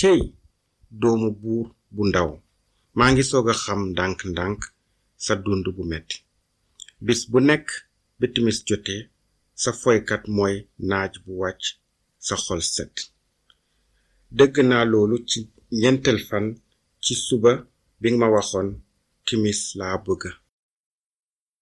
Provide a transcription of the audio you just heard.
cey doomu buur bu ndaw maa ngi soog a xam ndànk-ndànk sa dund bu metti bis bu nekk bi timis jotee sa foykat mooy naaj bu wàcc sa xol set dëgg naa loolu ci ñeenteel fan ci suba bi nga ma waxoon timis laa bëgga